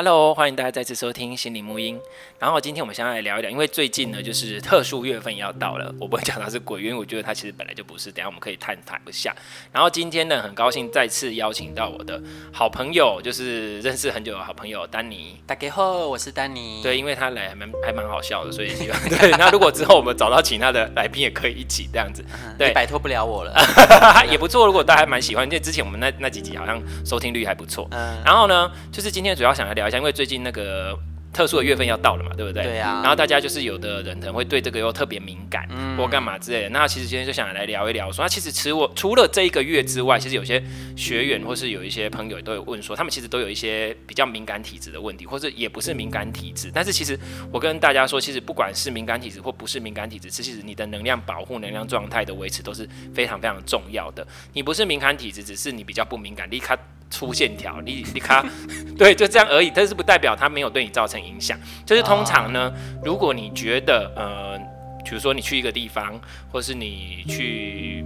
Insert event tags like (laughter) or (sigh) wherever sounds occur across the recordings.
Hello，歡迎大家再次收聽曦和沐音。然後今天我們想要來聊一聊，因為最近呢，就是特殊月份要到了。我不會講他是鬼月，因為我覺得它其實本來就不是。等一下我們可以探討一下。然後今天呢，很高興再次邀請到我的好朋友，就是認識很久的好朋友丹尼。大家好，我是丹尼。對，因為他來還蠻還蠻好笑的，所以 (laughs) 對。那如果之後我們找到其他的來賓，也可以一起這樣子。對，嗯，擺脫不了我了， (laughs) 也不錯。如果大家還蠻喜歡，因為之前我們那那幾集好像收聽率還不錯、嗯。然後呢，就是今天主要想要聊。好像因為最近那個。特殊的月份要到了嘛，對不對？對呀、啊。然後大家就是有的人可能會對這個又特別敏感，或、嗯、幹嘛之類的。那其實今天就想來聊一聊說，說其實除我除了這一個月之外，其實有些學員或是有一些朋友都有問說，他們其實都有一些比較敏感體質的問題，或者也不是敏感體質。嗯、但是其實我跟大家說，其實不管是敏感體質或不是敏感體質，其實你的能量保護、能量狀態的維持都是非常非常重要的。你不是敏感體質，只是你比較不敏感，你看粗線條，你你看， (laughs) 對，就這樣而已。但是不代表他沒有對你造成。影響，就是通常呢，如果你覺得呃，比如說你去一個地方，或是你去，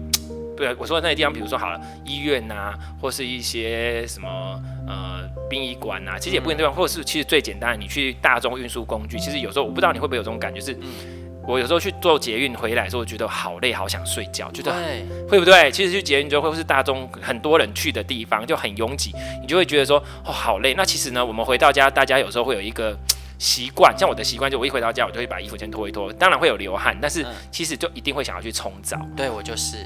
對，我說的那些地方，比如說好了，醫院吶、啊，或是一些什麼呃殯儀館吶、啊，其實也不一定。或是其實最簡單的，你去大眾運輸工具，其實有時候我不知道你會不會有這種感覺是。嗯我有時候去坐捷運回來的時候，我覺得好累，好想睡覺，覺得會不對。其實去捷運就會是大眾很多人去的地方，就很擁擠，你就會覺得說哦，好累。那其實呢，我們回到家，大家有時候會有一個習慣，像我的習慣，就我一回到家我就會把衣服先脫一脫，當然會有流汗，但是、嗯、其實就一定會想要去沖澡。對我就是。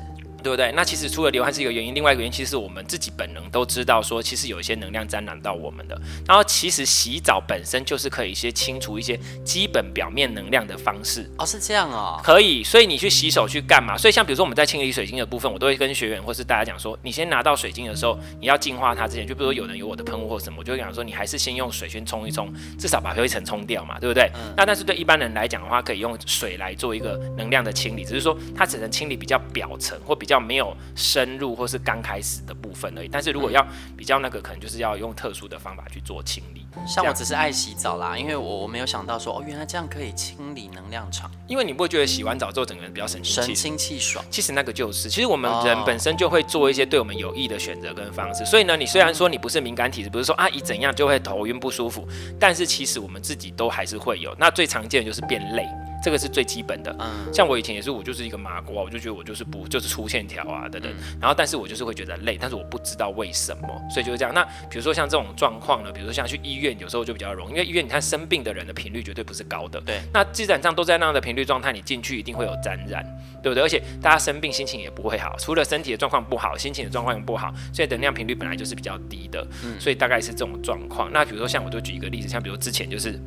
對不對？那其實除了流汗是一個原因，另外一個原因其實是我們自己本能都知道說，其實有一些能量沾染到我們的。然後其實洗澡本身就是可以先清除一些基本表面能量的方式。哦，是這樣哦。可以，所以你去洗手去幹嘛？所以像比如說我們在清理水晶的部分，我都會跟學員或是大家講說，你先拿到水晶的時候，你要淨化它之前，就比如說有人有我的噴霧或什麼，我就會講說你還是先用水先沖一沖，至少把灰塵沖掉嘛，對不對？嗯，那但是對一般人來講的話，可以用水來做一個能量的清理，只是說它只能清理比較表層或比較。沒有深入或是剛開始的部分而已，但是如果要比較那個，可能就是要用特殊的方法去做清理。像我只是愛洗澡啦，因為我我沒有想到說哦，原來這樣可以清理能量場。因為你不會覺得洗完澡之後整個人比較神清氣爽，嗯。神清氣爽。其實那個就是，其實我們人本身就會做一些對我們有益的選擇跟方式。哦、所以呢，你雖然說你不是敏感體質，不是說啊姨怎樣就會頭暈不舒服，但是其實我們自己都還是會有。那最常見的就是變累。這個是最基本的，像我以前也是，我就是一個麻瓜，我就覺得我就是不就是粗線條啊等等，然後但是我就是會覺得累，但是我不知道為什麼，所以就是這樣。那比如說像這種狀況呢，比如說像去醫院，有時候就比較容易，因為醫院你看生病的人的頻率絕對不是高的，對。那基本上都在那樣的頻率狀態，你進去一定會有沾染、染，對不對？而且大家生病心情也不會好，除了身體的狀況不好，心情的狀況也不好，所以能量頻率本來就是比較低的，所以大概是這種狀況。那比如說像我就舉一個例子，像比如之前就是。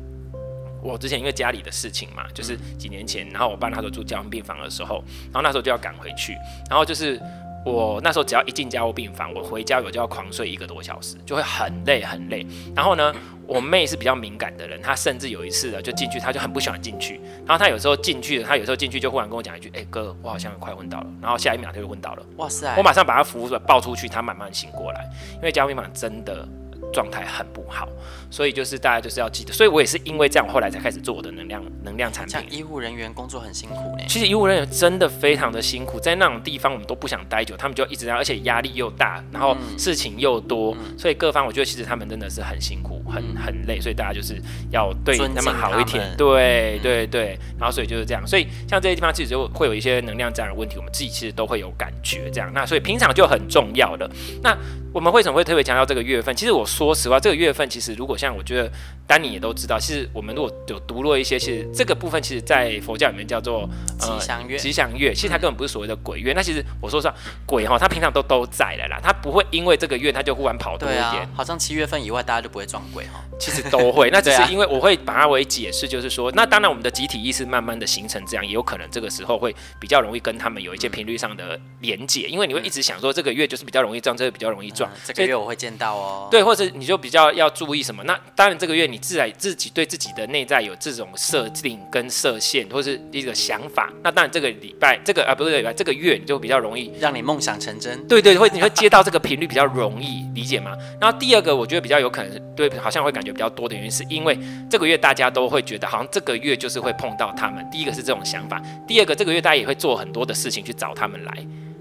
我之前因為家裡的事情嘛，就是幾年前，嗯、然後我爸他說住加護病房的時候，然後那時候就要趕回去，然後就是我那時候只要一進加護病房，我回家我就要狂睡一個多小時，就會很累很累。然後呢，我妹是比較敏感的人，她甚至有一次了就進去，她就很不喜歡進去。然後她有時候進去了，她有時候進去就忽然跟我講一句：“哎、欸、哥，我好像快昏倒了。”然後下一秒她就昏倒了。哇塞！我馬上把她扶出來抱出去，她慢慢醒過來。因為加護病房真的狀態很不好。所以就是大家就是要記得，所以我也是因為這樣，我後來才開始做我的能量能量產品。像醫護人員工作很辛苦呢。其實醫護人員真的非常的辛苦，在那種地方我們都不想待久，他們就一直在，而且壓力又大，然後事情又多，嗯，所以各方我覺得其實他們真的是很辛苦，很很累，所以大家就是要對他們好一點對。對對對，然後所以就是這樣，所以像這些地方其實就會有一些能量這樣的問題，我們自己其實都會有感覺這樣。那所以平常就很重要的。那我們為什麼會特別強調這個月份？其實我說實話，這個月份其實如果像我覺得丹尼也都知道，其實我們如果有讀落一些，其實這個部分其實，在佛教裡面叫做、嗯呃、吉祥月，吉祥月，其實它根本不是所謂的鬼月、嗯。那其實我說實話，鬼哈、喔，他平常都都在的啦，他不會因為這個月他就忽然跑多一點、啊。好像七月份以外大家就不會撞鬼哈、喔。其實都會，那只是因為我會把它為解釋，就是說、啊，那當然我們的集體意識慢慢的形成這樣，也有可能這個時候會比較容易跟他們有一些頻率上的連接、嗯，因為你會一直想說這個月就是比較容易撞，這個比較容易撞。嗯、這個月我會見到哦、喔。對，或者你就比較要注意什麼？那當然，這個月你自然自己對自己的內在有這種設定跟設限，或者是一個想法。那當然這，這個禮拜這個啊不是這個禮拜，這個月你就比較容易讓你夢想成真。對對，對，會你會接到這個頻率比較容易 (laughs) 理解嗎？然後第二個，我覺得比較有可能對，好像會感覺比較多的原因，是因為這個月大家都會覺得好像這個月就是會碰到他們。第一個是這種想法，第二個這個月大家也會做很多的事情去找他們來，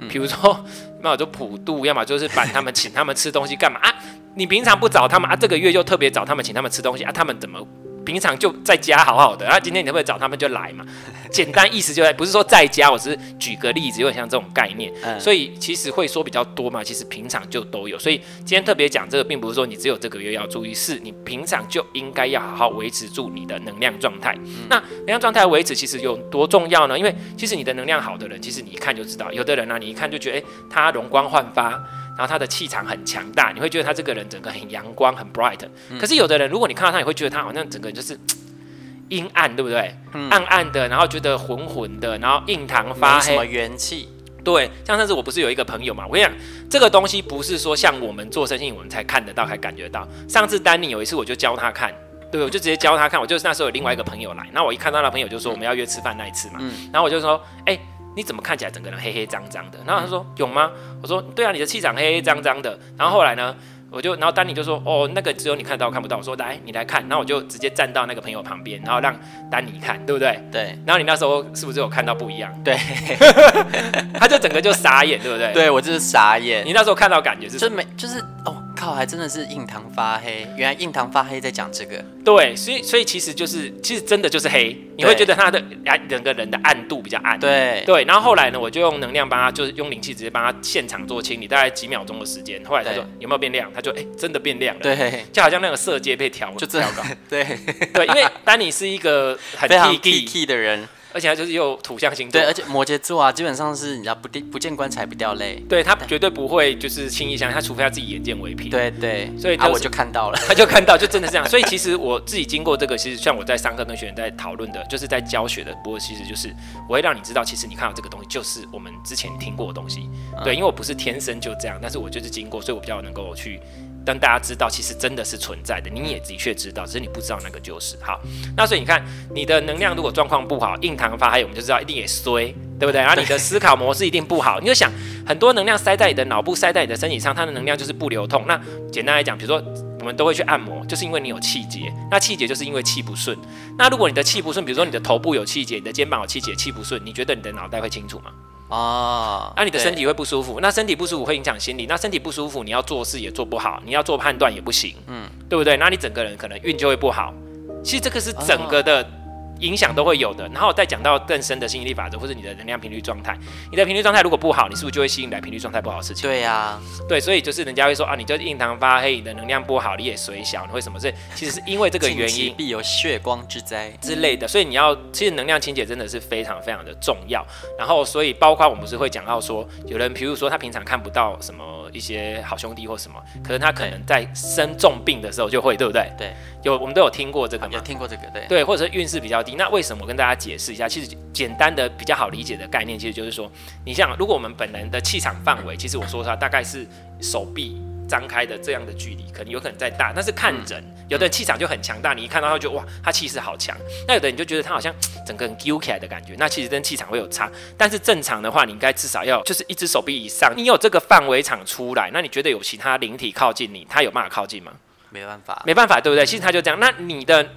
比、嗯、如說要麼就普渡，要麼就是把他們 (laughs) 請他們吃東西，幹嘛？啊你平常不找他們啊，這個月就特別找他們，請他們吃東西啊，他們怎麼平常就在家好好的啊？今天你會找他們就來嘛？簡單意思就在，不是說在家，我是舉個例子，有點像這種概念，嗯，所以其實會說比較多嘛。其實平常就都有，所以今天特別講這個，並不是說你只有這個月要注意，是你平常就應該要好好維持住你的能量狀態，嗯。那能量狀態維持其實有多重要呢？因為其實你的能量好的人，其實你一看就知道。有的人呢，啊，你一看就覺得，誒、欸，他容光煥發。然後他的氣場很強大，你會覺得他這個人整個很陽光、很 bright。嗯、可是有的人，如果你看到他，你會覺得他好像整個人就是陰暗，對不對、嗯？暗暗的，然後覺得渾渾的，然後印堂發黑，沒什麼元氣。對，像上次我不是有一個朋友嘛？我跟你講，這個東西不是說像我們做生意，我們才看得到、才感覺到。上次丹尼有一次，我就教他看，對不對，我就直接教他看。我就是那時候有另外一個朋友來，那我一看到那朋友就說我們要約吃飯那一次嘛，嗯、然後我就說，哎、欸。你怎麼看起來整個人黑黑髒髒的？然後他說有嗎？我說對啊，你的氣場黑黑髒髒的。然後後來呢，我就然後丹尼就說哦，那個只有你看到看不到。我說來你來看。然後我就直接站到那個朋友旁邊，然後讓丹尼看，對不對？對。然後你那時候是不是有看到不一樣？對。 (laughs) 他就整個就傻眼，對不對？對我就是傻眼。你那時候看到感覺是？就沒就是哦。靠，還真的是印堂發黑。原來印堂發黑在講這個。對，所以所以其實就是，其實真的就是黑。你會覺得他的整個人的暗度比較暗。對對。然後後來呢，我就用能量幫他，就是用靈氣直接幫他現場做清理，大概幾秒鐘的時間。後來他說有沒有變亮？他就哎、欸，真的變亮了。對，就好像那個色階被調了。就調高。對 (laughs) 對，因為丹尼是一個很屁 T 的人。而且他就是有土象星座，對，而且摩羯座啊，基本上是你知道不不不見棺材不掉淚，對，他絕對不會就是輕易相信他，除非他自己眼見為憑。對對，對，所以他、就是啊、我就看到了，他就看到就真的是這樣。 (laughs) 所以其實我自己經過這個，其實像我在上課跟學員在討論的，就是在教學的。不過其實就是我會讓你知道，其實你看到這個東西就是我們之前聽過的東西。嗯、對，因為我不是天生就這樣，但是我就是經過，所以我比較能夠去。讓大家知道，其實真的是存在的。你也的確知道，只是你不知道那個就是好。那所以你看，你的能量如果狀況不好，印堂發黑，我們就知道一定也衰，對不對？對。然後你的思考模式一定不好，你就想很多能量塞在你的腦部，塞在你的身體上，它的能量就是不流通。那簡單來講，比如說我們都會去按摩，就是因為你有氣結。那氣結就是因為氣不順。那如果你的氣不順，比如說你的頭部有氣結，你的肩膀有氣結，氣不順，你覺得你的腦袋會清楚嗎？Oh, 啊，那你的身體會不舒服，那身體不舒服會影響心理，那身體不舒服你要做事也做不好，你要做判斷也不行，嗯，對不對？那你整個人可能運就會不好。其實這個是整個的、Oh.。影響都會有的，然後再講到更深的吸引力法則，或是你的能量頻率狀態。你的頻率狀態如果不好，你是不是就會吸引來頻率狀態不好的事情？對呀、啊，對，所以就是人家會說啊，你是印堂發黑，你的能量不好，你也衰小，為什麼？所以其實是因為這個原因，必有血光之災之類的。所以你要，其實能量清潔真的是非常非常的重要。然後，所以包括我們不是會講到說，有人，譬如說他平常看不到什麼一些好兄弟或什麼，可能他可能在生重病的時候就會，對不對？對，對有我們都有聽過這個嗎，有聽過這個，對，對，或者是運勢比較低。那為什麼我跟大家解釋一下？其實簡單的比較好理解的概念，其實就是說，你像如果我們本人的氣場範圍，其實我說它大概是手臂張開的這樣的距離，可能有可能再大，但是看人，有的氣場就很強大，你一看到他，覺得哇，他氣勢好強。那有的你就覺得他好像整個人丟起來的感覺，那其實跟氣場會有差。但是正常的話，你應該至少要就是一只手臂以上，你有這個範圍場出來，那你覺得有其他靈體靠近你，他有辦法靠近嗎？沒辦法、啊，沒辦法，對不對？其實他就這樣。那你的。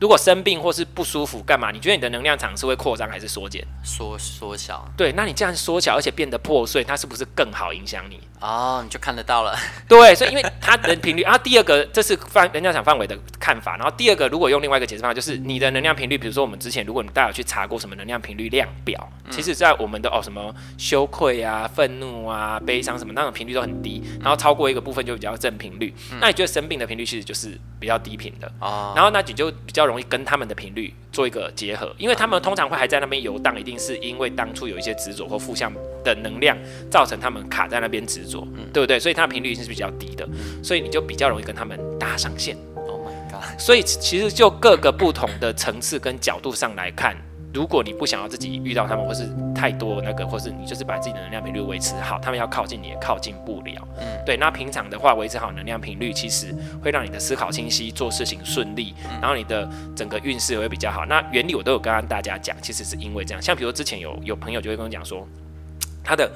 如果生病或是不舒服，幹嘛？你覺得你的能量場是會擴張還是縮減？縮縮小。對，那你這樣縮小而且變得破碎，它是不是更好影響你啊？Oh, 你就看得到了。對，所以因為它的頻率啊。 (laughs) 第二個，這是範能量場範圍的看法。然後第二個，如果用另外一個解釋方法，就是你的能量頻率，比如說我們之前，如果你大家有去查過什麼能量頻率量表、嗯，其實在我們的哦什麼羞愧啊、憤怒啊、悲傷什麼那種頻率都很低，然後超過一個部分就比較正頻率、嗯。那你覺得生病的頻率其實就是比較低頻的哦、嗯，然後那你就比較。容易跟他們的頻率做一個結合，因為他們通常會還在那邊遊蕩，一定是因為當初有一些執着或負向的能量，造成他們卡在那邊執着，嗯、對不對？所以他的頻率一定是比較低的，所以你就比較容易跟他們搭上線。Oh my god！所以其實就各個不同的層次跟角度上來看。如果你不想要自己遇到他們，或是太多那個，或是你就是把自己的能量頻率維持好，他們要靠近你也靠近不了。嗯，對。那平常的話，維持好能量頻率，其實會讓你的思考清晰，做事情順利，然後你的整個運勢也會比較好。那原理我都有跟大家講，其實是因為這樣。像比如之前有有朋友就會跟我講說，他的。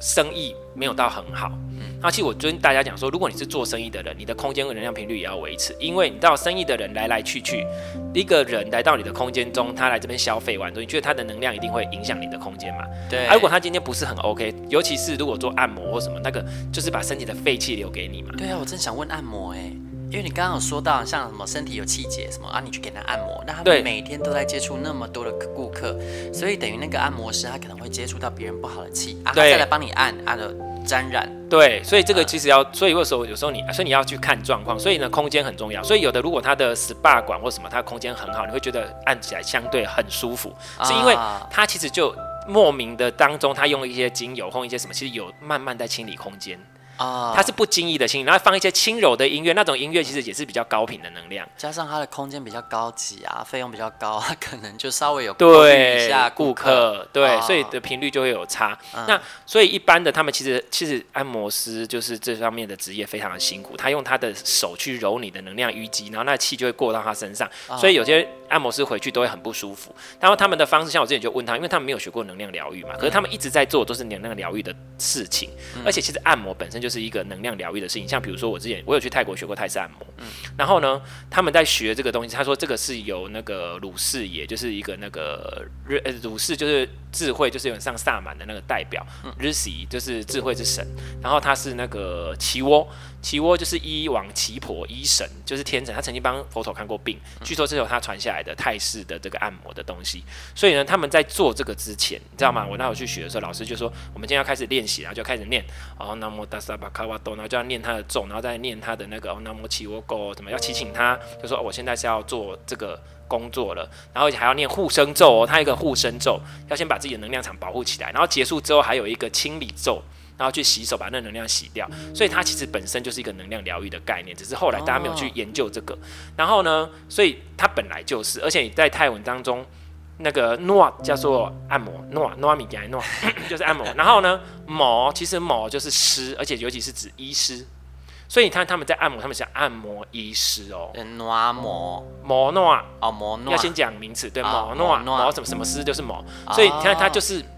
生意沒有到很好，那、嗯啊、其實我跟大家講說，如果你是做生意的人，你的空間和能量頻率也要維持，因為你知道生意的人來來去去，一個人來到你的空間中，他來這邊消費完之後，你覺得他的能量一定會影響你的空間嘛？對、啊。如果他今天不是很 OK，尤其是如果做按摩或什麼，那個就是把身體的廢氣留給你嘛。對啊，我正想問按摩哎、欸。因為你剛剛有說到像什麼身體有氣結什麼啊，你去給他按摩，那他每天都在接觸那麼多的顧客，所以等於那個按摩師他可能會接觸到別人不好的氣啊，再來幫你按，按了沾染。對，所以這個其實要、呃，所以有時候有時候你，所以你要去看狀況。所以呢，空間很重要。所以有的如果他的 SPA 館或什麼，它的空間很好，你會覺得按起來相對很舒服，是、啊、因為他其實就莫名的當中，他用了一些精油或一些什麼，其實有慢慢在清理空間。啊，它是不經意的心，然後放一些輕柔的音樂，那種音樂其實也是比較高頻的能量，加上它的空間比較高級啊，費用比較高啊，他可能就稍微有對一下顧客，對，對 oh. 所以的頻率就會有差。Oh. 那所以一般的他們其實其實按摩師就是這方面的職業非常的辛苦，他用他的手去揉你的能量淤積，然後那氣就會過到他身上，所以有些按摩師回去都會很不舒服。然後他們的方式，像我之前就問他，因為他們沒有學過能量療癒嘛，可是他們一直在做都是能量療癒的事情，oh. 而且其實按摩本身就是。就是一個能量療癒的事情，像比如說我之前我有去泰國學過泰式按摩，嗯，然後呢，他們在學這個東西，他說這個是由那個魯士也就是一個那個、欸、魯士就是智慧，就是有點像薩滿的那個代表 Rishi 就是智慧之神，嗯，然後他是那個奇窩。奇窩就是醫王奇婆醫神，就是天神，他曾經幫佛陀看過病，嗯、據說是有他傳下來的泰式的這個按摩的東西。所以呢，他們在做這個之前，你知道嗎？嗯、我那會去學的時候，老師就說，我們今天要開始練習，然後就開始念，哦。’那摩達薩巴卡瓦多，然後就要念、嗯、他的咒，然後再念他的那個、嗯、他的他的那摩奇窩勾，怎、嗯、麼要祈請他，就說、那個嗯哦、我現在是要做這個工作了，然後還要念護身咒哦，他一個護身咒要先把自己的能量場保護起來，然後結束之後還有一個清理咒。然後去洗手，把那能量洗掉。所以它其實本身就是一個能量療癒的概念，只是後來大家沒有去研究這個哦哦。然後呢，所以它本來就是，而且你在泰文當中，那個諾叫做按摩諾諾米 t 諾，就是按摩。 (laughs) 然後呢，摩其實摩就是師，而且尤其是指醫師。所以你看他們在按摩，他們想按摩醫師哦。嗯，nuat 摩摩 n u 哦，摩、呃、n、呃呃呃呃呃、要先講名詞對 n 諾 a t 摩什麼什麼師就是摩。所以你看他就是。呃呃呃呃呃呃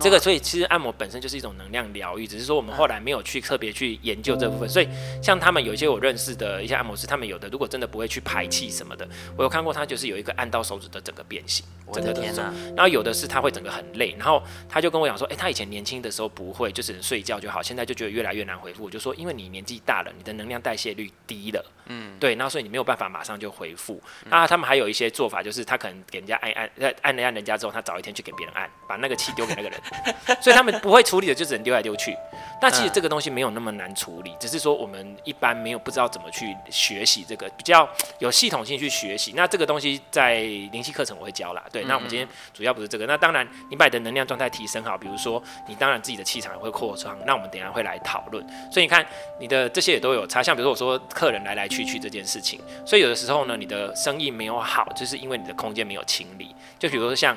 這個，所以其實按摩本身就是一種能量療癒，只是說我們後來沒有去特別去研究這部分。所以像他們有一些我認識的一些按摩師，他們有的如果真的不會去排氣什麼的，我有看過，他就是有一個按到手指的整個變形，整個的時候，我的天哪！然後有的是他會整個很累，然後他就跟我講說：“哎、欸，他以前年輕的時候不會，就只、是、能睡覺就好，現在就覺得越來越難恢復。”我就說：“因為你年紀大了，你的能量代謝率低了，嗯，對。那所以你沒有辦法馬上就回復。”那他們還有一些做法，就是他可能給人家按按，按按人家之後，他早一天去給別人按，把那個氣丟給。 (laughs) 一個人，所以他們不會處理的就只能丟來丟去。那其實這個東西沒有那麼難處理，嗯、只是說我們一般沒有不知道怎麼去學習這個，比較有系統性去學習。那這個東西在靈氣課程我會教啦。對，那我們今天主要不是這個。嗯嗯。那當然，你把你的能量狀態提升好，比如說你當然自己的氣場也會擴張。那我們等下會來討論。所以你看你的這些也都有差，像比如說我說客人來來去去這件事情，所以有的時候呢，你的生意沒有好，就是因為你的空間沒有清理。就比如說像。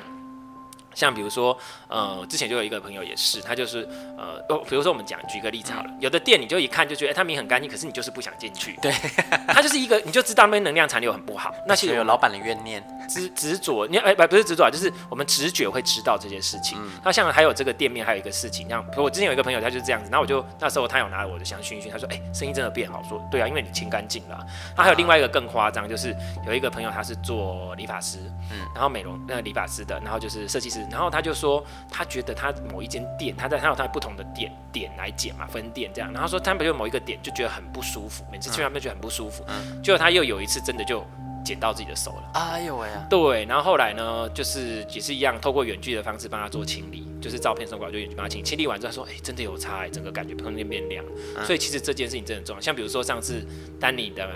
像比如說，呃，之前就有一個朋友也是，他就是，呃，比如說我們講舉個例子好了、嗯，有的店你就一看就覺得，哎、欸，他名很乾淨，可是你就是不想進去。對， (laughs) 他就是一個，你就知道那邊能量殘留很不好。那其實有老板的怨念，執執着，你哎不、欸、不是執着，就是我們直覺會知道這件事情。他、嗯、像還有這個店面還有一個事情，像我之前有一個朋友，他就是這樣子，那我就那時候他有拿我的香薰一熏，他說，哎、欸，生意真的變好，說對啊，因為你清乾淨了。那、啊、還有另外一個更誇張，就是有一個朋友他是做理髮師，嗯，然後美容那個理髮師的，然後就是設計師。然後他就說，他覺得他某一間店，他在他有他不同的店點來剪嘛，分店這樣。然後說他們就某一個點就覺得很不舒服，每次去他們就覺得很不舒服。就、嗯嗯、他又有一次真的就剪到自己的手了。啊、哎呦喂、哎！對，然後後來呢，就是也是一樣，透過遠距的方式幫他做清理，就是照片送過來，我就遠距幫他清理，清理完之後他說，哎，真的有差、欸，哎，整個感覺瞬間變亮。所以其實這件事情真的重要，像比如說上次丹尼的。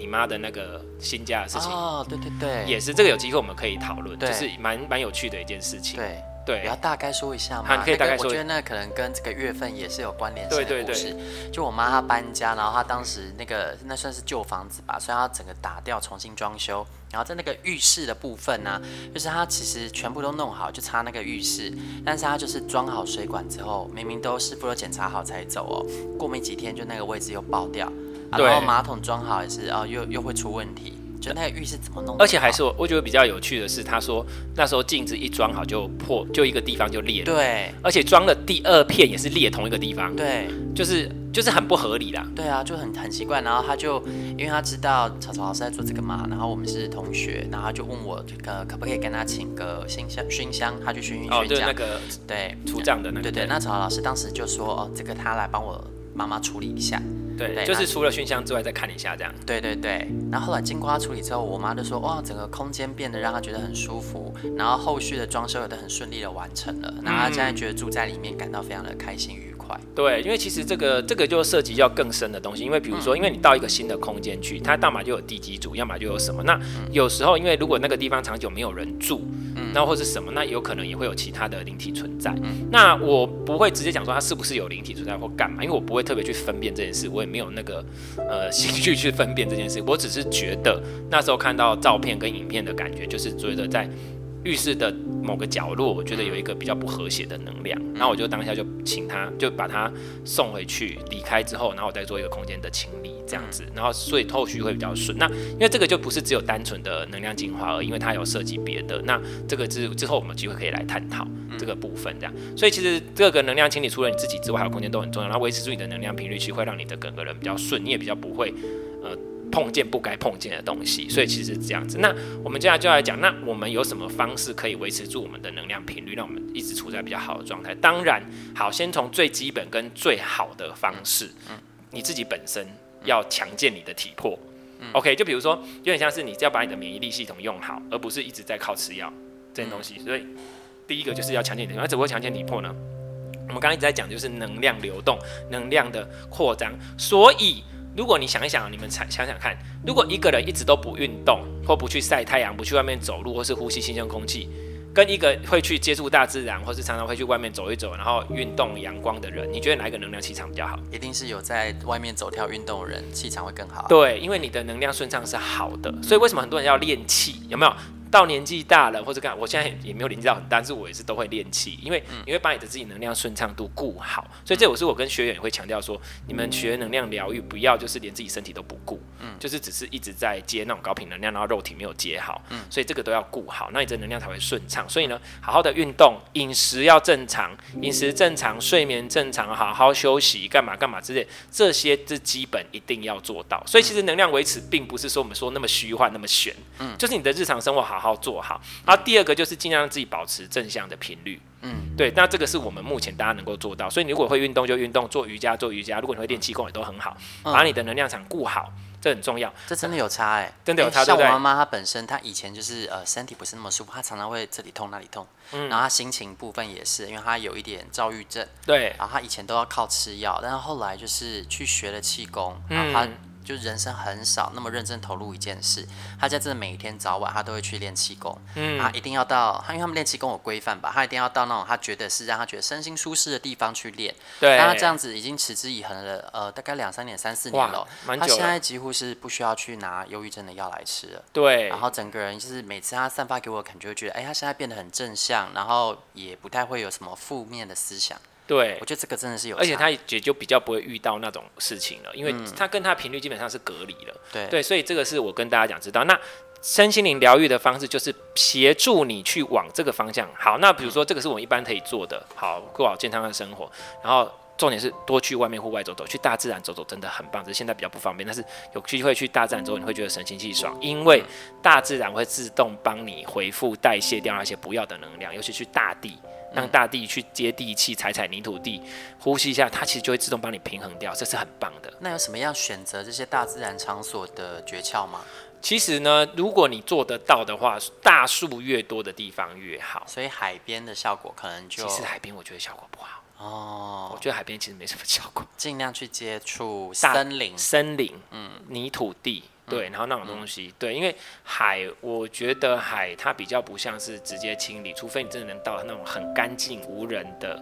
你媽的那個新家的事情哦，對對對，也是這個有機會我們可以討論，就是蠻蠻有趣的一件事情。對對，我要大概說一下嘛，啊、可以大概說。那個、我覺得那可能跟這個月份也是有關聯性的故事。對對對。就我媽她搬家，然後她當時那個那算是舊房子吧，所以她整個打掉重新裝修，然後在那個浴室的部分呢、啊，就是她其實全部都弄好，就差那個浴室，但是她就是裝好水管之後，明明都師傅都檢查好才走哦，過沒幾天就那個位置又爆掉。啊、然後馬桶裝好也是啊、哦，又又會出問題。就那個浴室怎麼弄？而且還是我覺得比較有趣的是，他說那時候鏡子一裝好就破，就一個地方就裂，對。而且裝的第二片也是裂同一個地方。對。就是就是很不合理啦。對啊，就很很奇怪。然後他就因為他知道朝朝老師在做這個嘛，然後我們是同學，然後就問我呃、這個、可不可以跟他請個熏香熏香，他去熏一熏那個對出賬的那個。對個、嗯、對，對，對，那朝朝老師當時就說哦，這個他來幫我。媽媽處理一下，對，對就是除了燻香之外，再看一下這樣。對對對，然後後來經過他處理之後，我媽就說，哇，整個空間變得讓他覺得很舒服，然後後續的裝修也都很順利的完成了，那、嗯、他現在覺得住在裡面感到非常的開心愉快。對，因為其實這個這個就涉及要更深的東西，因為比如說、嗯，因為你到一個新的空間去，它要嘛就有地基主，要麼就有什麼。那有時候，因為如果那個地方長久沒有人住。那或是什麼？那有可能也會有其他的靈體存在、嗯。那我不會直接講說它是不是有靈體存在或幹嘛，因為我不會特別去分辨這件事，我也沒有那個呃興趣去分辨這件事、嗯。我只是覺得那時候看到照片跟影片的感覺，就是覺得在，浴室的某個角落，我覺得有一個比較不和諧的能量，然後我就當下就請他，就把他送回去，離開之後，然後我再做一個空間的清理，這樣子，然後所以後續會比較順。那因為這個就不是只有單純的能量淨化而，而因為它有涉及別的，那這個之之後我們有機會可以來探討這個部分，這樣。所以其實這個能量清理除了你自己之外，還有空間都很重要，它維持住你的能量頻率區，會讓你的整個人比較順，你也比較不會，呃。碰見不該碰見的東西，所以其實這樣子。那我們接下來就要來講，那我們有什麼方式可以維持住我們的能量頻率，讓我們一直處在比較好的狀態？當然，好，先從最基本跟最好的方式，嗯嗯、你自己本身要強健你的體魄。嗯、OK，就比如說，有點像是你只要把你的免疫力系統用好，而不是一直在靠吃藥這些東西。嗯、所以第一個就是要強健你的體魄，那怎麼會強健體魄呢？我們剛剛一直在講，就是能量流動，能量的擴張，所以。如果你想一想，你們想想想看，如果一個人一直都不運動，或不去曬太陽，不去外面走路，或是呼吸新鮮空氣，跟一個會去接觸大自然，或是常常會去外面走一走，然後運動陽光的人，你覺得哪一個能量氣場比較好？一定是有在外面走跳運動的人氣場會更好。對，因為你的能量順暢是好的，嗯，所以為什麼很多人要練氣？有沒有？到年紀大了，或者干我現在也沒有年紀到很大，但是我也是都會練氣，因為你會把你的自己能量順暢度顧好。所以這我是我跟學員也會強調說、嗯，你們學能量療癒，不要就是連自己身體都不顧、嗯，就是只是一直在接那種高頻能量，然後肉體沒有接好，嗯、所以這個都要顧好，那你這能量才會順暢。所以呢，好好的運動，飲食要正常，飲食正常，睡眠正常，好好休息，幹嘛幹嘛之類，這些是基本一定要做到。所以其實能量維持並不是說我們說那麼虛幻、那麼玄、嗯，就是你的日常生活好。好做好，然後第二個就是盡量讓自己保持正向的頻率，嗯，對，那這個是我們目前大家能夠做到。所以你如果會運動就運動，做瑜伽做瑜伽，如果你會練氣功也都很好，把、嗯、你的能量場顧好，這很重要。嗯、這真的有差哎、欸，真的有差，對，像我媽媽，她本身她以前就是呃身體不是那麼舒服，她常常會這裡痛那裡痛，嗯，然後她心情部分也是，因為她有一點躁鬱症，對，然後她以前都要靠吃藥，但是後來就是去學了氣功，然後她、嗯。就是人生很少那麼認真投入一件事，他在這，每一天早晚他都會去練氣功，嗯，啊，一定要到，他，因為他們練氣功有規範吧，他一定要到那種他覺得是讓他覺得身心舒適的地方去練，對，那他這樣子已經持之以恆了，呃，大概兩三年，三四年了，哇，蠻久，他現在幾乎是不需要去拿憂鬱症的藥來吃了，對，然後整個人就是每次他散發給我的感覺，可能就會覺得哎、欸，他現在變得很正向，然後也不太會有什麼負面的思想。對，我覺得這個真的是有，而且他也就比較不會遇到那種事情了，嗯、因為他跟他頻率基本上是隔離了。對，對，所以這個是我跟大家講，知道。那身心靈療癒的方式就是協助你去往這個方向。好，那比如說這個是我們一般可以做的，好過好健康的生活。然後重點是多去外面戶外走走，去大自然走走真的很棒。只是現在比較不方便，但是有機會去大自然之後，你會覺得神清氣爽、嗯，因為大自然會自動幫你回復代謝掉那些不要的能量，尤其是去大地。讓大地去接地氣，踩踩泥土地，呼吸一下，它其實就會自動幫你平衡掉，這是很棒的。那有什麼樣選擇這些大自然場所的訣竅嗎？其實呢，如果你做得到的話，大樹越多的地方越好，所以海邊的效果可能就……其實海邊我覺得效果不好哦，我覺得海邊其實沒什麼效果，盡量去接觸森林，森林，嗯，泥土地。對，然後那種東西、嗯，對，因為海，我覺得海它比較不像是直接清理，除非你真的能到那種很乾淨無人的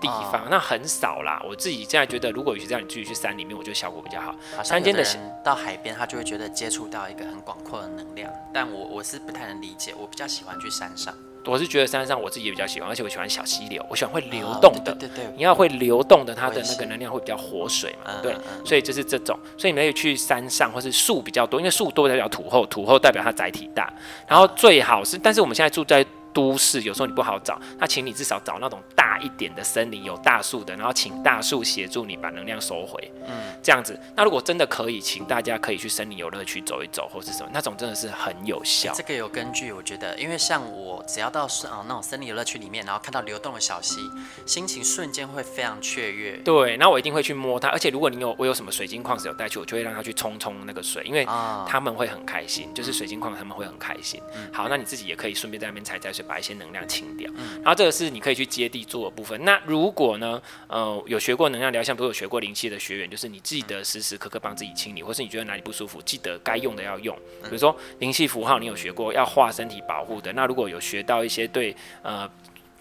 地方，哦、那很少啦。我自己現在覺得，如果與其這樣，你繼續去山裡面，我覺得效果比較好。嗯、山間的人到海邊，他就會覺得接觸到一個很廣闊的能量，但我我是不太能理解，我比較喜歡去山上。我是覺得山上我自己也比較喜歡，而且我喜歡小溪流，我喜歡會流動的。哦、對，對，對對，你要會流動的，它的那個能量會比較活水嘛。對，嗯嗯、所以就是這種。所以你們可以去山上，或是樹比較多，因為樹多代表土厚，土厚代表它載體大。然後最好是，但是我們現在住在。都市有時候你不好找，那請你至少找那種大一點的森林，有大樹的，然後請大樹協助你把能量收回。嗯，這樣子。那如果真的可以，請大家可以去森林遊樂區走一走，或是什麼那種，真的是很有效、欸。這個有根據，我覺得，因為像我只要到是啊、哦、那種森林遊樂區裡面，然後看到流動的小溪，心情瞬間會非常雀躍。對，那我一定會去摸它。而且如果你有我有什麼水晶礦石有帶去，我就會讓它去沖沖那個水，因為它們會很開心，嗯、就是水晶礦它們會很開心、嗯。好，那你自己也可以順便在那邊踩踩水。把一些能量清掉，然後這個是你可以去接地做的部分。那如果呢，呃，有學過能量療癒，像比如有學過靈氣的學員，就是你記得時時刻刻幫自己清理，或是你覺得哪裡不舒服，記得該用的要用。比如說靈氣符號，你有學過要畫身體保護的。那如果有學到一些對呃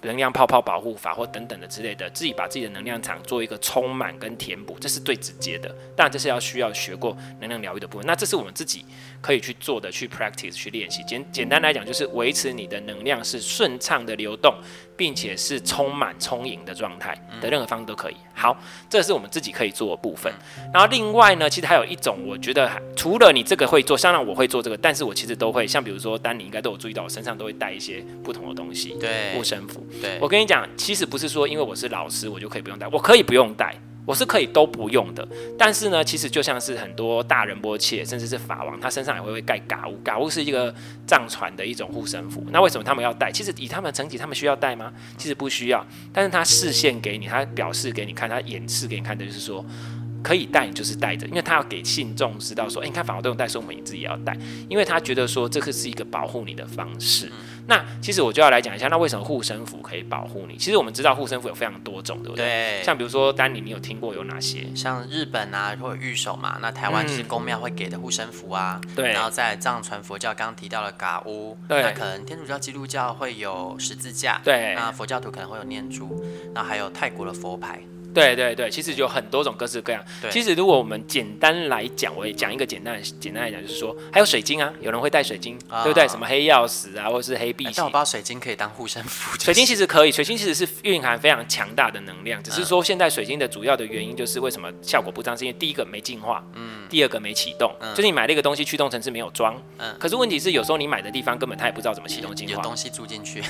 能量泡泡保護法或等等的之類的，自己把自己的能量場做一個充滿跟填補，這是最直接的。但這是要需要學過能量療癒的部分。那這是我們自己。可以去做的，去 practice 去練習。簡簡單來講，就是維持你的能量是順暢的流動，並且是充滿充盈的狀態的任何方式都可以。好，這是我們自己可以做的部分。然後另外呢，其實還有一種，我覺得除了你這個會做，當然我會做這個，但是我其實都會。像比如說，丹尼應該都有注意到，我身上都會帶一些不同的東西，護身符。我跟你講，其實不是說因為我是老師，我就可以不用帶，我可以不用帶。我是可以都不用的，但是呢，其實就像是很多大仁波切，甚至是法王，他身上也會會蓋嘎屋。嘎屋是一個藏傳的一種護身符。那為什麼他們要戴？其實以他們的層級，他們需要戴嗎？其實不需要。但是他示現給你，他表示給你看，他演示給你看的就，就是說可以戴，就是戴着，因為他要給信眾知道說，欸，你看法王都有戴，所以我們自己要戴，因為他覺得說這個是一個保護你的方式。嗯那其實我就要來講一下，那為什麼護身符可以保護你？其實我們知道護身符有非常多種，對不對？對，像比如說丹尼，你有聽過有哪些？像日本啊，或者御守嘛，那台灣就是宮廟會給的護身符啊、嗯。對，然後在藏傳佛教剛剛提到的嘎屋，對，那可能天主教、基督教會有十字架，對，那佛教徒可能會有念珠，那還有泰國的佛牌。對對對，其實有很多種，各式各樣。其實如果我們簡單來講，我也講一個簡單簡單來講，就是說還有水晶啊，有人會戴水晶，啊、對不對？什麼黑曜石啊，或是黑碧璽。那、欸、我把水晶可以當護身符。水晶其實可以，水晶其實是蘊含非常強大的能量，只是說現在水晶的主要的原因就是為什麼效果不彰，是因為第一個沒淨化，嗯，第二個沒啟動，嗯、就是你買了一個東西，驅動程式沒有裝、嗯，可是問題是有時候你買的地方根本他也不知道怎麼啟動淨化，有，有東西住進去？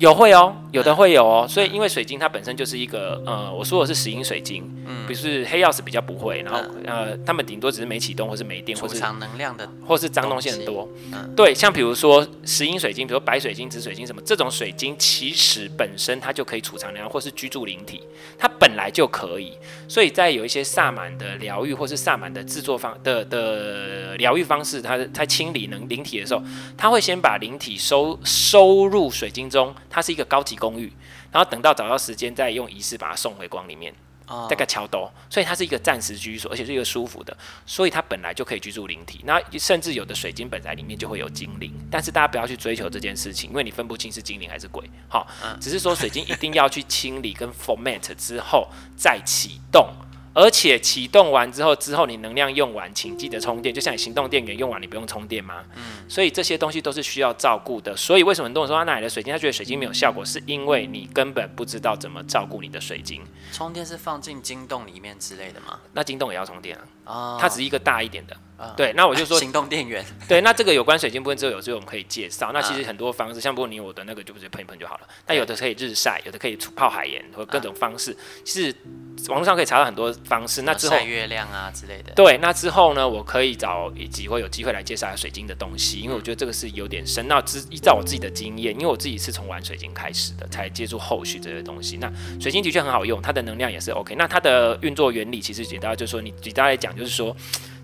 有會哦，有的會有哦，所以因為水晶它本身就是一個，呃、嗯，我說的是石英水晶，嗯，不是黑曜石比較不會，然後呃，他們頂多只是沒啟動，或是沒電，或是儲藏能量的，或是髒東西很多。嗯、對，像比如說石英水晶，比如說白水晶、紫水晶什麼這種水晶，其實本身它就可以儲藏能量，或是居住靈體，它本來就可以。所以在有一些薩滿的療癒，或是薩滿的製作方的的療癒方式，它在清理能靈體的時候，它會先把靈體收收入水晶中。它是一個高級公寓，然後等到找到時間再用儀式把它送回光裡面，大概敲 door，所以它是一個暫時居所，而且是一個舒服的，所以它本來就可以居住靈體。那甚至有的水晶本來裡面就會有精靈，但是大家不要去追求這件事情，因為你分不清是精靈還是鬼，哈，uh. 只是說水晶一定要去清理跟 format 之後再啟動。而且啟動完之後，之後你能量用完，請記得充電。就像你行動電源用完，你不用充電嗎？嗯。所以這些東西都是需要照顧的。所以為什麼很多人說他買了水晶，他覺得水晶沒有效果，嗯、是因為你根本不知道怎麼照顧你的水晶。充電是放進晶洞裡面之類的嗎？那晶洞也要充電啊。啊、哦。它只是一個大一點的。嗯、對，那我就說行動電源。對，那這個有關水晶部分之後有，之後我們可以介紹、嗯。那其實很多方式，像不過你我的那個就直接噴一噴就好了。那、嗯、有的可以日曬，有的可以泡海鹽、嗯，或者各種方式。其實網絡上可以查到很多方式、嗯。那之後，曬月亮啊之類的。對，那之後呢，我可以找以及會有機會來介紹一下水晶的東西，因為我覺得這個是有點深。那之依照我自己的經驗，因為我自己是從玩水晶開始的，才接觸後續這些東西。那水晶的確很好用，它的能量也是 OK。那它的運作原理其實簡單，就是說你簡單來講就是說。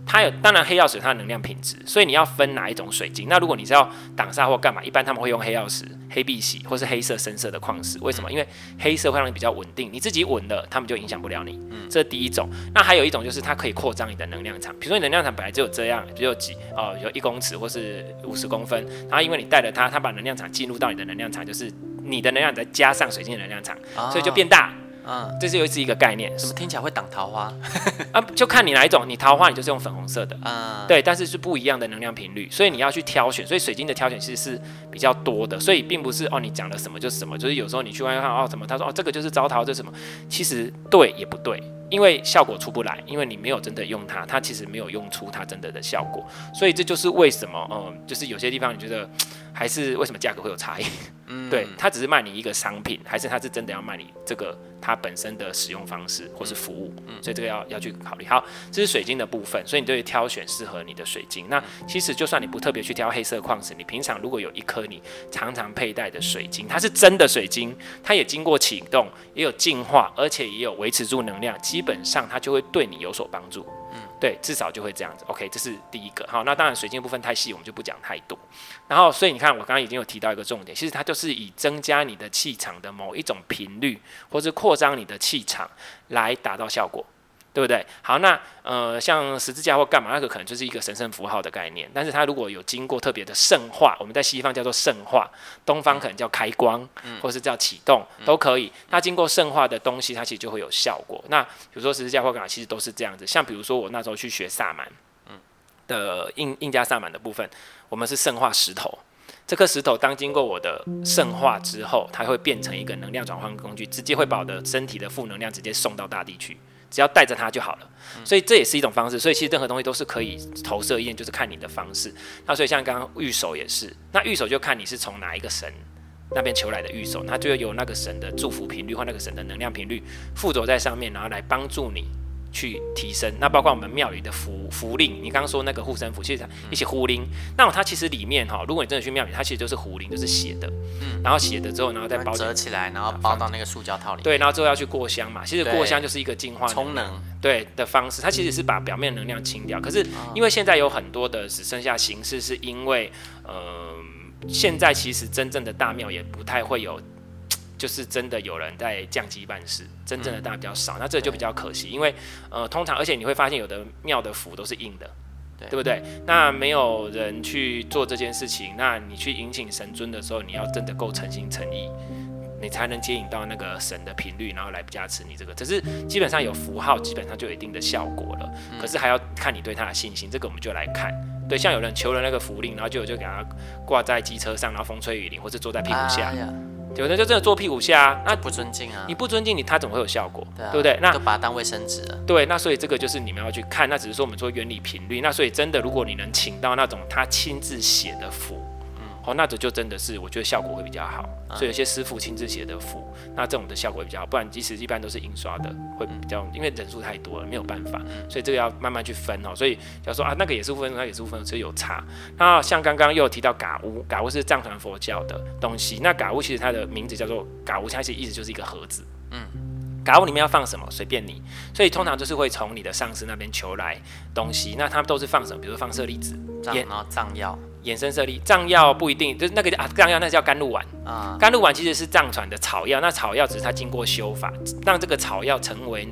它有，當然黑曜石它的能量品質，所以你要分哪一種水晶。那如果你是要擋煞或幹嘛，一般他們會用黑曜石、黑碧璽或是黑色深色的礦石。為什麼、嗯？因為黑色會讓你比較穩定，你自己穩了，他們就影響不了你。嗯，這是第一種、嗯。那還有一種就是它可以擴張你的能量場。比如說你的能量場本來只有這樣，只有幾哦、呃，有一公尺或是五十公分，然後因為你帶着它，它把能量場進入到你的能量場，就是你的能量再加上水晶的能量場、啊，所以就變大。嗯，這是又是一,一個概念，什、嗯、麼聽起來會擋桃花？ (laughs) 啊，就看你哪一種，你桃花你就是用粉紅色的啊、嗯，對，但是是不一樣的能量頻率，所以你要去挑選，所以水晶的挑選其實是比較多的，所以並不是哦，你講的什麼就是什麼，就是有時候你去外面看哦什麼，他說哦這個就是招桃，這是什麼，其實對也不對，因為效果出不來，因為你沒有真的用它，它其實沒有用出它真的的效果，所以這就是為什麼嗯，就是有些地方你覺得。還是為什麼價格會有差異？嗯，對，它只是賣你一個商品，還是它是真的要賣你這個它本身的使用方式或是服務？嗯，嗯，所以這個要要去考慮。好，這是水晶的部分，所以你就會挑選適合你的水晶。那其實就算你不特別去挑黑色礦石，你平常如果有一顆你常常佩戴的水晶，它是真的水晶，它也經過啟動，也有淨化，而且也有維持住能量，基本上它就會對你有所幫助。對，至少就會這樣子。OK，這是第一個。好，那當然水晶部分太細，我們就不講太多。然後，所以你看，我剛剛已經有提到一個重點，其實它就是以增加你的氣場的某一種頻率，或是擴張你的氣場來達到效果。對不對？好，那呃，像十字架或幹嘛，那個可能就是一個神聖符號的概念。但是它如果有經過特別的聖化，我們在西方叫做聖化，東方可能叫開光，嗯、或是叫啟動都可以。嗯、它經過聖化的東西，它其實就會有效果。那比如說十字架或幹嘛，其實都是這樣子。像比如說我那時候去學薩滿，嗯，的印印加薩滿的部分，我們是聖化石頭。這顆石頭當經過我的聖化之後，它會變成一個能量轉換工具，直接會把我的身體的負能量直接送到大地去。只要帶着它就好了。嗯，所以這也是一種方式。所以其實任何東西都是可以投射意念，就是看你的方式。那所以像剛剛御守也是，那御守就看你是從哪一個神那邊求來的御守，它就有那個神的祝福頻率或那個神的能量頻率附着在上面，然後來幫助你，去提升，那包括我們廟宇的符符令，你剛剛說那個護身符，其實它一些符令，那、嗯、麼它其實裡面哈，如果你真的去廟宇，它其實就是符令，就是寫的，嗯，然後寫的之後，然後再包起來，然後包到那個塑膠套裡面，對，然後之後要去過香嘛，其實過香就是一個淨化、充能對的方式，它其實是把表面能量清掉，嗯、可是因為現在有很多的只剩下形式，是因為嗯、呃，現在其實真正的大廟也不太會有。就是真的有人在降級辦事，真正的大比較少，嗯、那這個就比較可惜。因為，呃，通常而且你會發現有的廟的符都是硬的，對，對不對？那沒有人去做這件事情，那你去迎請神尊的時候，你要真的夠誠心誠意，你才能接引到那個神的頻率，然後來加持你這個。只是基本上有符號，基本上就有一定的效果了，嗯。可是還要看你對他的信心，這個我們就來看。對，像有人求了那個符令，然後就就給他掛在機車上，然後風吹雨淋，或者坐在屁股下。啊哎。有的就真的坐屁股下，啊,那不尊敬啊！你不尊敬你，他怎麼會有效果？對，啊、對不對？那，那個，把它當衛生紙。對，那所以這個就是你們要去看。那只是說我們說原理頻率。那所以真的，如果你能請到那種他親自寫的符。哦，那這就真的是，我覺得效果會比較好。嗯、所以有些師父親自寫的符，那這種的效果會比較好。不然，其實一般都是印刷的，會比較，嗯、因為人數太多了，沒有辦法。所以這個要慢慢去分哦。所以，假如說啊，那個也是符，那個、也是符，所以有差。那像剛剛又提到嘎烏，嘎烏是藏傳佛教的東西。那嘎烏其實它的名字叫做嘎烏，它其實意思就是一個盒子。嗯。嘎烏裡面要放什麼？隨便你。所以通常就是會從你的上司那邊求來東西。那他們都是放什麼？比如說放舍利子、煙、藏藥。衍生設立藏藥不一定，就是那個啊藏藥，那是叫甘露丸啊。甘露丸其實是藏傳的草藥，那草藥只是它經過修法，讓這個草藥成為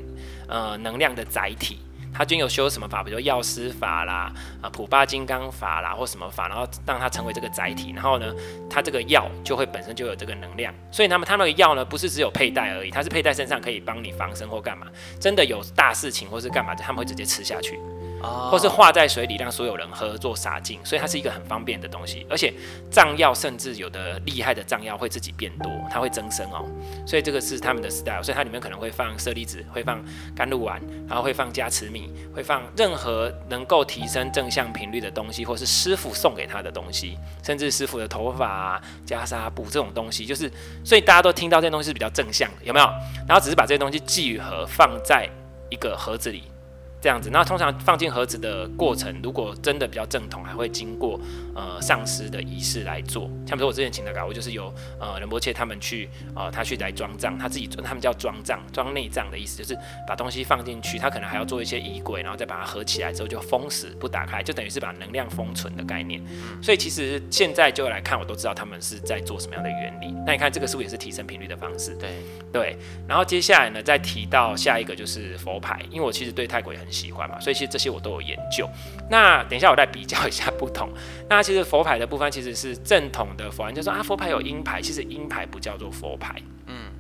呃能量的載體。它均有修什麼法，比如說藥師法啦，啊普巴金剛法啦，或什麼法，然後讓它成為這個載體。然後呢，它這個藥就會本身就有這個能量。所以他們他們的藥呢，不是只有佩戴而已，它是佩戴身上可以幫你防身或幹嘛。真的有大事情或是幹嘛，他們會直接吃下去。或是化在水裡，讓所有人喝做灑淨，所以它是一個很方便的東西。而且藏藥，甚至有的厲害的藏藥會自己變多，它會增生哦。所以這個是他們的 style。所以它裡面可能會放舍利子，會放甘露丸，然後會放加持米，會放任何能夠提升正向頻率的東西，或是師父送給他的東西，甚至師父的頭髮、啊、袈裟布、啊、這種東西，就是所以大家都聽到這東西是比較正向的，有沒有？然後只是把這些東西聚合放在一個盒子裡。這樣子，那通常放進盒子的過程，如果真的比較正統，還會經過呃上師的儀式來做。像比如說我之前請的嘎屋就是有呃仁波切他們去呃他去來裝藏，他自己他們叫裝藏，裝內藏的意思就是把東西放進去，他可能還要做一些儀軌，然後再把它合起來之後就封死不打開，就等於是把能量封存的概念。所以其實現在就來看，我都知道他們是在做什麼樣的原理。那你看這個是不是也是提升頻率的方式？對對。然後接下來呢，再提到下一個就是佛牌，因為我其實對泰國也很。喜歡嘛，所以其實這些我都有研究。那等一下我再比較一下不同。那其實佛牌的部分其實是正統的佛人就是說啊，佛牌有陰牌，其實陰牌不叫做佛牌。嗯，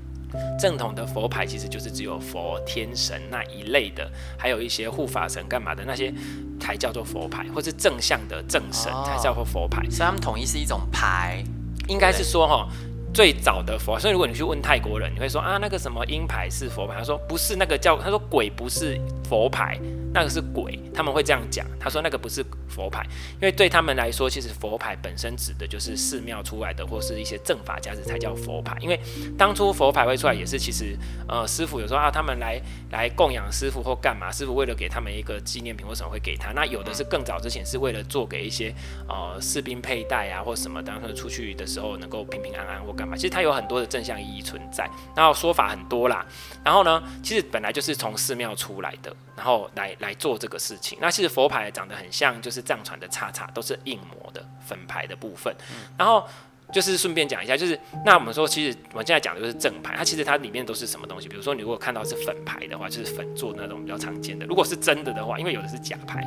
正統的佛牌其實就是只有佛、天神那一類的，還有一些護法神幹嘛的那些才叫做佛牌，或是正向的正神才叫做佛牌。哦，所以他們統一是一種牌，應該是說哈。最早的佛，所以如果你去問泰國人，你會說啊，那個什麼陰牌是佛牌，他說不是，那個叫他說鬼不是佛牌，那個是鬼，他們會這樣講。他說那個不是佛牌，因為對他們來說，其實佛牌本身指的就是寺廟出來的或是一些正法加持才叫佛牌。因為當初佛牌會出來也是其實呃師父有時候啊他們來來供養師父或幹嘛，師父為了給他們一個紀念品或什麼會給他。那有的是更早之前是為了做給一些呃士兵佩戴啊或什麼，當他們出去的時候能夠平平安安我。其實它有很多的正向意義存在，然後說法很多啦。然後呢，其實本來就是從寺廟出來的，然後來來做這個事情。那其實佛牌長得很像，就是藏傳的叉叉，都是硬模的粉牌的部分。然後就是順便講一下，就是那我們說，其實我們現在講的就是正牌，它其實它裡面都是什麼東西？比如說你如果看到是粉牌的話，就是粉做那種比較常見的。如果是真的的話，因為有的是假牌。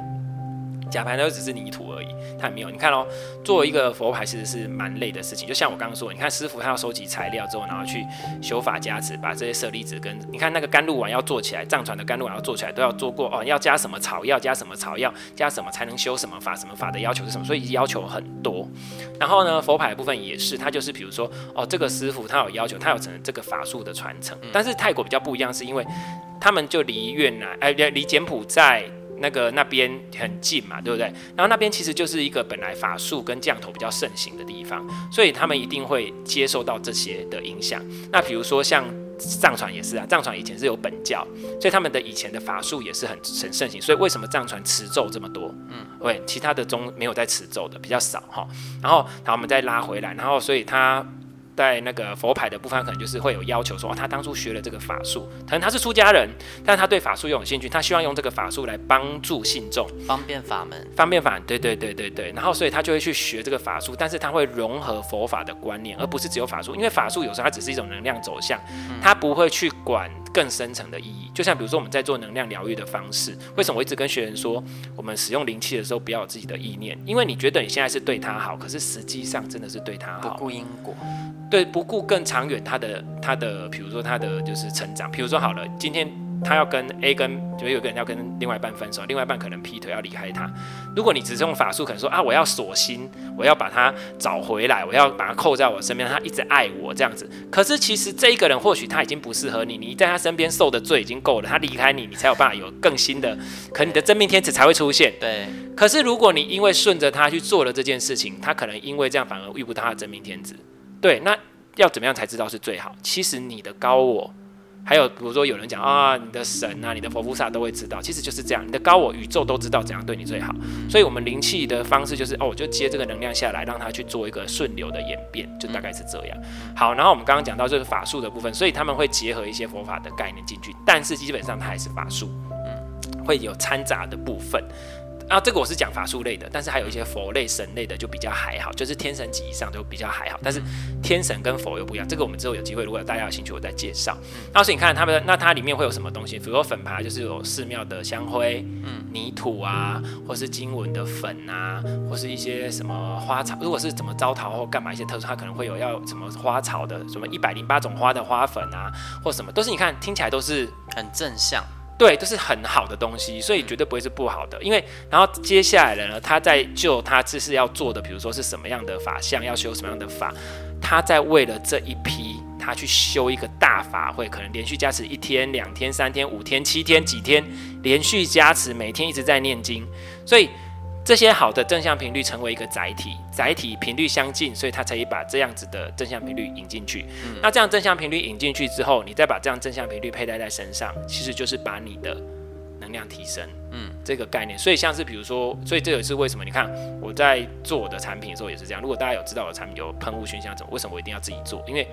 假牌都只是泥土而已，它沒有。你看哦，做一個佛牌其實是蠻累的事情。就像我剛剛說，你看師傅他要收集材料之後，然後去修法加持，把這些舍利子跟你看那個甘露丸要做起來，藏傳的甘露丸要做起來，都要做過哦，要加什麼草藥，要加什麼草藥，加什麼才能修什麼法，什麼法的要求是什麼，所以要求很多。然後呢，佛牌部分也是，它就是比如說哦，這個師傅他有要求，他有成這個法術的傳承、嗯。但是泰國比較不一樣，是因為他們就離越南，哎，離柬埔寨。那個那邊很近嘛，對不對？然後那邊其實就是一個本來法術跟降頭比較盛行的地方，所以他們一定會接受到這些的影響。那比如說像藏傳也是啊，藏傳以前是有本教，所以他們的以前的法術也是很很盛行。所以為什麼藏傳持咒這麼多？嗯，對，其他的宗沒有在持咒的比較少哈。然後好，後我們再拉回來，然後所以他……在那個佛牌的部分，可能就是會有要求說，他當初學了這個法術，可能他是出家人，但他對法術又有興趣，他希望用這個法術來幫助信眾，方便法門，方便法，對對對對對，然後所以他就會去學這個法術，但是他會融合佛法的觀念，而不是只有法術，因為法術有時候它只是一種能量走向，他、嗯、不會去管。更深層的意義，就像比如說我們在做能量療癒的方式，為什麼我一直跟學員說，我們使用靈氣的時候不要有自己的意念？因為你覺得你現在是對他好，可是實際上真的是對他好，不顧因果，對，不顧更長遠他的、他的，比如說他的就是成長，比如說好了，今天。他要跟 A 跟，就有個人要跟另外一半分手，另外一半可能劈腿要離開他。如果你只是用法術，可能說啊，我要鎖心，我要把他找回來，我要把他扣在我身邊，他一直愛我這樣子。可是其實這一個人或許他已經不適合你，你在他身邊受的罪已經夠了，他離開你，你才有辦法有更新的。可能你的真命天子才會出現。對。可是如果你因為順着他去做了這件事情，他可能因為這樣反而遇不到他的真命天子。對。那要怎麼樣才知道是最好？其實你的高我。還有，比如說有人講啊，你的神啊，你的佛菩薩都會知道，其實就是這樣，你的高我宇宙都知道怎樣對你最好，所以，我們靈氣的方式就是哦，我就接這個能量下來，讓它去做一個順流的演變，就大概是這樣。好，然後我們剛剛講到就是法術的部分，所以他們會結合一些佛法的概念進去，但是基本上它還是法術，嗯，會有摻雜的部分。啊，這個我是講法術類的，但是還有一些佛類、神類的就比較還好，就是天神級以上就比較還好。但是天神跟佛又不一樣，這個我們之後有機會，如果大家有興趣，我再介紹。那、嗯、是、啊、你看他們，那它裡面會有什麼東西？比如說粉牌，就是有寺廟的香灰、嗯、泥土啊，或是經文的粉啊，或是一些什麼花草。如果是怎麼招桃或幹嘛一些特殊，它可能會有要什麼花草的，什麼一百零八種花的花粉啊，或什麼都是。你看，聽起來都是很正向。對，都是很好的東西，所以絕對不會是不好的。因為，然後接下來的呢，他在就他這是要做的，比如說是什麼樣的法相，要修什麼樣的法，他在為了這一批，他去修一個大法會，可能連續加持一天、兩天、三天、五天、七天、幾天，連續加持，每天一直在念經，所以。這些好的正向頻率成為一個載體，載體頻率相近，所以它才可以把這樣子的正向頻率引進去，嗯。那這樣正向頻率引進去之後，你再把這樣正向頻率佩戴在身上，其實就是把你的能量提升。嗯，這個概念。所以像是比如說，所以這也是為什麼你看我在做我的產品的時候也是這樣。如果大家有知道我的產品有噴霧熏香怎麼，為什麼我一定要自己做？因為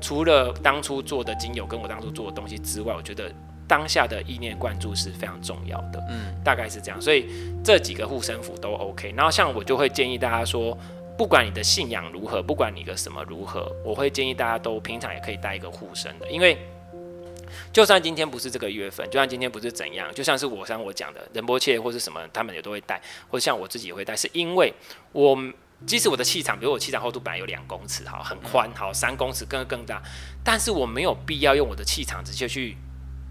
除了當初做的精油跟我當初做的東西之外，我覺得。當下的意念灌注是非常重要的，嗯，大概是這樣，所以這幾個護身符都 OK。然後像我就會建議大家說，不管你的信仰如何，不管你的什麼如何，我會建議大家都平常也可以帶一個護身的，因為就算今天不是這個月份，就算今天不是怎樣，就像是我像我講的仁波切或是什麼，他們也都會帶，或者像我自己也會帶，是因為我即使我的氣場，比如我氣場厚度本來有兩公尺，哈，很寬，好，三公尺更更大，但是我沒有必要用我的氣場直接去。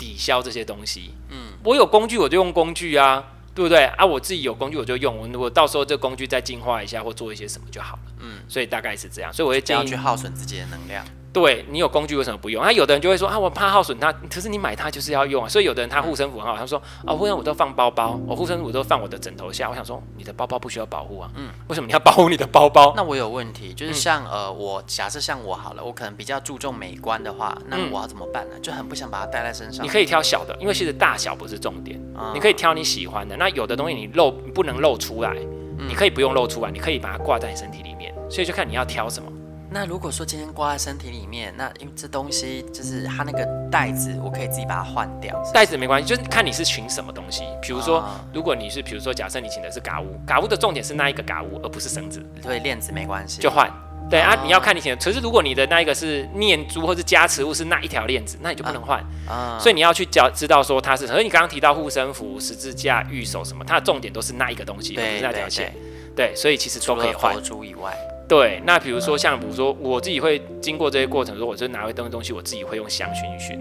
抵消這些東西，嗯，我有工具我就用工具啊，對不對啊？我自己有工具我就用，我如果到時候這工具再進化一下或做一些什麼就好了，嗯，所以大概是這樣，所以我會要去耗損自己的能量。對，你有工具，為什麼不用？那、啊、有的人就會說啊，我怕耗損它。可是你買它就是要用啊，所以有的人他護身符很好，他說啊，護身符都放包包，我護身符都放我的枕頭下。我想說，你的包包不需要保護啊，嗯，為什麼你要保護你的包包？那我有問題，就是像呃，我假設像我好了，我可能比較注重美觀的話，那我要怎麼辦呢？嗯、就很不想把它帶在身上。你可以挑小的、嗯，因為其實大小不是重點、嗯，你可以挑你喜歡的。那有的東西你露你不能露出來、嗯，你可以不用露出來，你可以把它掛在你身體裡面，所以就看你要挑什麼。那如果說今天掛在身體裡面，那因為這東西就是它那個袋子，我可以自己把它換掉。袋子沒關係，就是看你是請什麼東西。比如說、嗯，如果你是，比如說，假設你請的是嘎烏，嘎烏的重點是那一個嘎烏，而不是繩子。對，鏈子沒關係，就換。對、嗯、啊，你要看你請的。可是如果你的那一個是念珠或是加持物，是那一條鏈子，那你就不能換。啊、嗯，所以你要去教知道說它是。可是你剛剛提到護身符、十字架、御守什麼，它的重點都是那一個東西，對是那條線。對，所以其實都可以換。除了佛珠以外。對，那比如說像，比如說我自己會經過這些過程，如果我是拿回東西，我自己會用香熏一熏，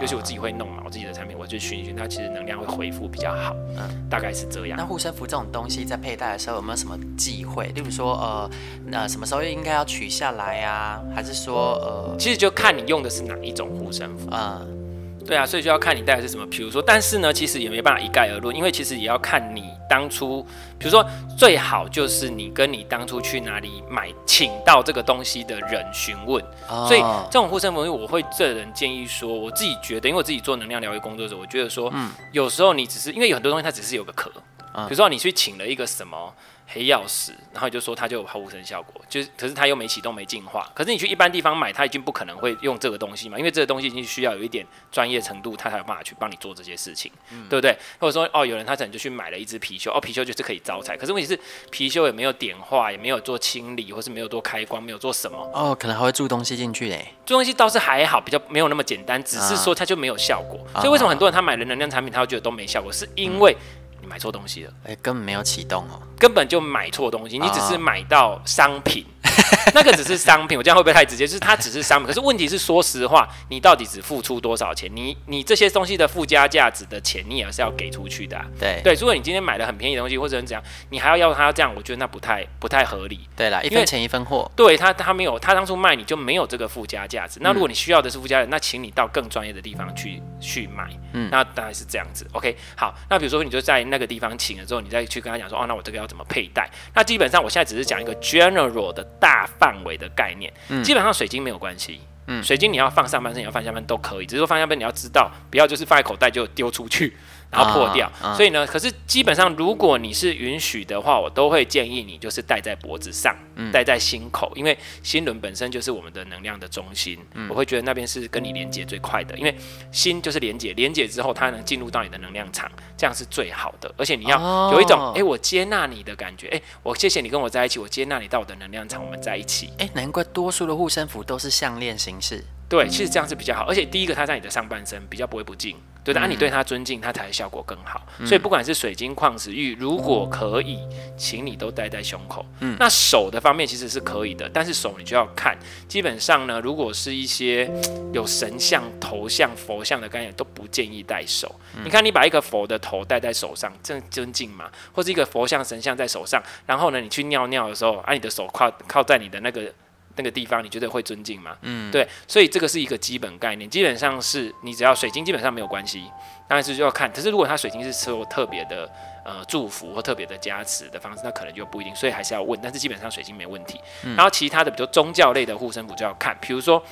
尤其我自己會弄嘛，我自己的產品，我就熏一熏，它其實能量會恢復比較好，嗯，大概是這樣。嗯，那護身符這種東西在佩戴的時候有沒有什麼忌諱？例如說，呃，那什麼時候應該要取下來呀？還是說，呃，其實就看你用的是哪一種護身符。嗯。對啊，所以就要看你帶來是什麼。譬如說，但是呢，其實也沒辦法一概而論，因為其實也要看你當初，比如說最好就是你跟你當初去哪裡買請到這個東西的人詢問。哦、所以這種護身符，我會這人建議說，我自己覺得，因為我自己做能量療癒工作者，我覺得說，嗯，有時候你只是因為有很多東西它只是有個殼，比、嗯、如說你去請了一個什麼。黑曜石，然後就說它就有保護神效果，就是可是它又沒啟動、沒淨化。可是你去一般地方買，它已經不可能會用這個東西嘛，因為這個東西已經需要有一點專業程度，它才有辦法去幫你做這些事情，嗯、對不對？或者說，哦，有人他可能就去買了一隻貔貅，哦，貔貅就是可以招財。可是問題是，貔貅也沒有點化，也沒有做清理，或是沒有做開光，沒有做什麼。哦，可能還會注東西進去誒、欸，注東西倒是還好，比較沒有那麼簡單，只是說它就沒有效果。啊、所以為什麼很多人他買了能量產品，他會覺得都沒效果，是因為。你買錯東西了，哎，根本沒有啟動哦，根本就買錯東西，你只是買到商品。 (laughs) 那個只是商品，我這樣會不會太直接？就是它只是商品，可是問題是，說實話，你到底只付出多少錢？你你這些東西的附加價值的錢，你也是要給出去的啊。對對，如果你今天買了很便宜的東西，或者怎樣，你還要要他這樣，我覺得那不太不太合理。對啦，一分錢一分貨。對他他沒有，他當初賣你就沒有這個附加價值。那如果你需要的是附加的、嗯，那請你到更專業的地方去去買。嗯，那大概是這樣子。OK，好，那比如說你就在那個地方請了之後，你再去跟他講說，哦，那我這個要怎麼佩戴？那基本上我現在只是講一個 general 的大範圍的概念，嗯，基本上水晶沒有關係，嗯，水晶你要放上半身，你要放下半身都可以，只是說放下半身你要知道，不要就是放在口袋就丟出去，然後破掉。哦哦，所以呢，可是基本上，如果你是允許的話，我都會建議你就是戴在脖子上，戴、嗯、在心口，因為心輪本身就是我們的能量的中心，嗯、我會覺得那邊是跟你連接最快的，因為心就是連接，連接之後它能進入到你的能量場，這樣是最好的。而且你要有一種，哎、哦欸，我接納你的感覺，哎、欸，我謝謝你跟我在一起，我接納你到我的能量場，我們在一起。哎、欸，難怪多數的護身符都是項鏈形式。對、嗯，其實這樣是比較好，而且第一個它在你的上半身，比較不會不敬。對的，啊，你對他尊敬，嗯、他才效果更好。所以不管是水晶、礦石、玉，如果可以，請你都戴在胸口、嗯。那手的方面其實是可以的，但是手你就要看。基本上呢，如果是一些有神像、頭像、佛像的概念，都不建議戴手。嗯、你看，你把一個佛的頭戴在手上，這尊敬嘛，或者一個佛像、神像在手上，然後呢，你去尿尿的時候，啊，你的手靠靠在你的那個。那個地方你覺得會尊敬嗎？嗯，對，所以這個是一個基本概念，基本上是你只要水晶基本上沒有關係，但是就要看。可是如果它水晶是受特別的呃祝福或特別的加持的方式，那可能就不一定，所以還是要問。但是基本上水晶沒問題，嗯、然後其他的比如宗教類的護身符就要看，比如說。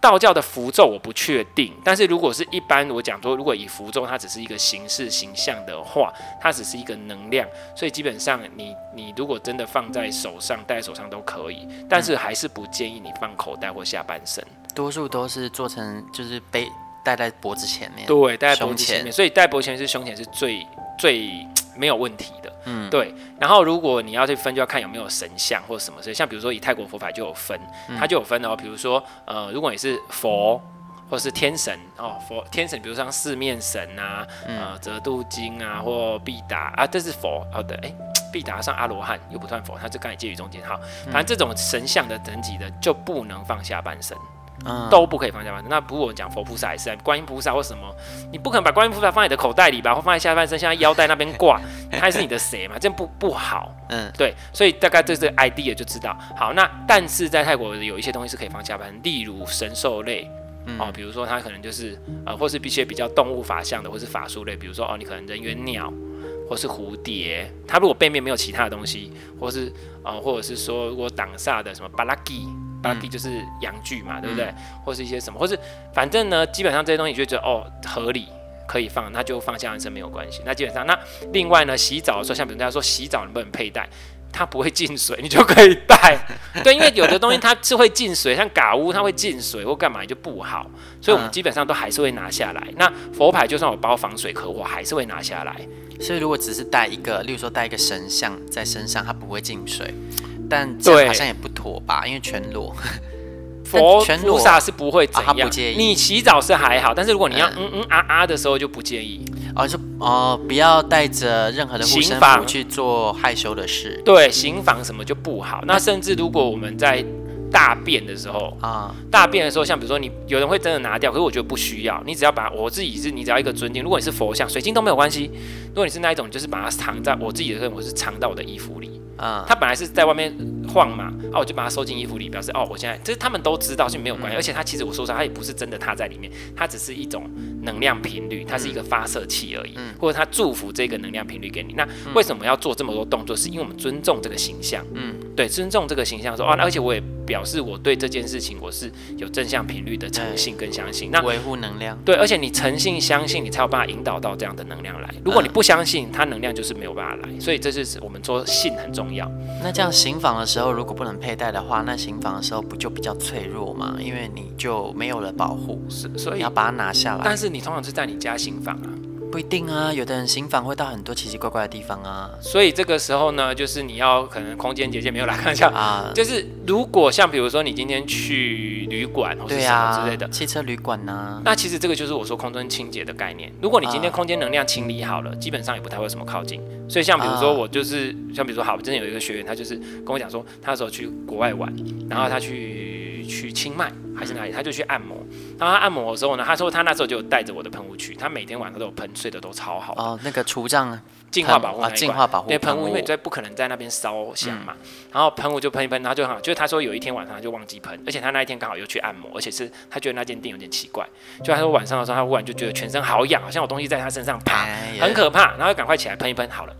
道教的符咒，我不確定，但是如果是一般我講說，如果以符咒它只是一個形式形象的話，它只是一個能量，所以基本上你你如果真的放在手上、戴在手上都可以，但是還是不建議你放口袋或下半身。嗯，多數都是做成就是背戴在脖子前面，對，戴在脖子前面，胸前，所以戴脖前是胸前是最最沒有問題。嗯，對。然後如果你要去分，就要看有沒有神像或什麼。所以像比如說以泰國佛牌就有分，它就有分哦。比如說呃，如果你是佛或是天神哦，佛天神，比如像四面神啊，呃，折度經啊或必達啊，這是佛。好、哦、對，哎，必達上阿羅漢又不算佛，他就剛好介於中間哈。反正這種神像的等級的就不能放下半身。都不可以放下半身。那不過我們講佛菩薩也是，觀音菩薩或什麼，你不可能把觀音菩薩放在你的口袋裡吧，或放在下半身，像在腰帶那邊掛，他還是你的誰嘛？這樣不不好。嗯，對。所以大概對這個 idea 就知道。好，那但是在泰國有一些東西是可以放下半身，例如神獸類、嗯，哦，比如說它可能就是呃，或是一些比較動物法相的，或是法術類，比如說哦，你可能人猿鳥。或是蝴蝶，它如果背面沒有其他的東西，或是啊、呃，或者是說如果擋煞的什麼巴拉吉，巴拉吉，嗯、就是陽具嘛，對不對，嗯？或是一些什麼，或是反正呢，基本上這些東西你就覺得哦合理，可以放，那就放下。蘭繩沒有關係。那基本上，那另外呢，洗澡的時候，像比如大家說洗澡能不能佩戴？它不會進水，你就可以帶。 (laughs) 對，因為有的東西它是會進水，像嘎屋它會進水或幹嘛，就不好。所以我們基本上都還是會拿下來。嗯、那佛牌就算我包防水殼，可我還是會拿下來。所以如果只是帶一個，例如說帶一個神像在身上，它不會進水。但這樣好像也不妥吧？因為全裸。佛全裸菩薩是不會、哦，他不介意。你洗澡是還好，但是如果你要嗯嗯啊啊的時候，就不介意。啊、嗯，哦就哦，不要帶着任何的護身符去做害羞的事。對，行房什麼就不好，嗯。那甚至如果我們在大便的時候啊、嗯，大便的時候，像比如說你有人會真的拿掉，可是我覺得不需要。你只要把我自己是，你只要一個尊敬。如果你是佛像、水晶都沒有關係。如果你是那一種，你就是把它藏在我自己的這種，我是藏到我的衣服裡啊。它、嗯、本來是在外面。晃嘛啊，我就把它收進衣服裡，表示哦，我現在就是他們都知道是沒有關係、嗯，而且他其實我說實話，他也不是真的，他在裡面，它只是一種能量頻率，它是一個發射器而已，嗯、或者他祝福這個能量頻率給你、嗯。那為什麼我要做這麼多動作？是因為我們尊重這個形象，嗯，對，尊重這個形象說，說、啊、哦，那而且我也表示我對這件事情我是有正向頻率的誠信跟相信。那維護能量，對，而且你誠信相信，你才有辦法引導到這樣的能量來。如果你不相信，嗯、它能量就是沒有辦法來。所以這是我們說信很重要。那這樣行房的時候。如果不能佩戴的話，那行房的時候不就比較脆弱嗎？因為你就沒有了保護，是所以你要把它拿下來。但是你通常是在你家行房啊。不一定啊，有的人行房會到很多奇奇怪怪的地方啊，所以這個時候呢，就是你要可能空間結界沒有來看一下啊，uh, 就是如果像比如說你今天去旅館，對啊，或是什麼之類的汽車旅館呢，啊，那其實這個就是我說空中清潔的概念。如果你今天空間能量清理好了，uh, 基本上也不太會有什麼靠近。所以像比如說我就是，uh, 像比如說好，我之前有一個學員，他就是跟我講說，他說去國外玩，然後他去。嗯去清邁還是哪裡？他就去按摩。然後他按摩的時候呢，他說他那時候就帶着我的噴霧去。他每天晚上都有噴，睡得都超好。哦，那個除障啊，淨化保護啊，淨化保護。對，噴霧因為在不可能在那邊燒香嘛，嗯、然後噴霧就噴一噴，然後就好。就是他說有一天晚上他就忘記噴，而且他那一天剛好又去按摩，而且是他覺得那間店有點奇怪。就他說晚上的時候，他忽然就覺得全身好癢，好像有東西在他身上爬、哎，很可怕。然後趕快起來噴一噴，好了。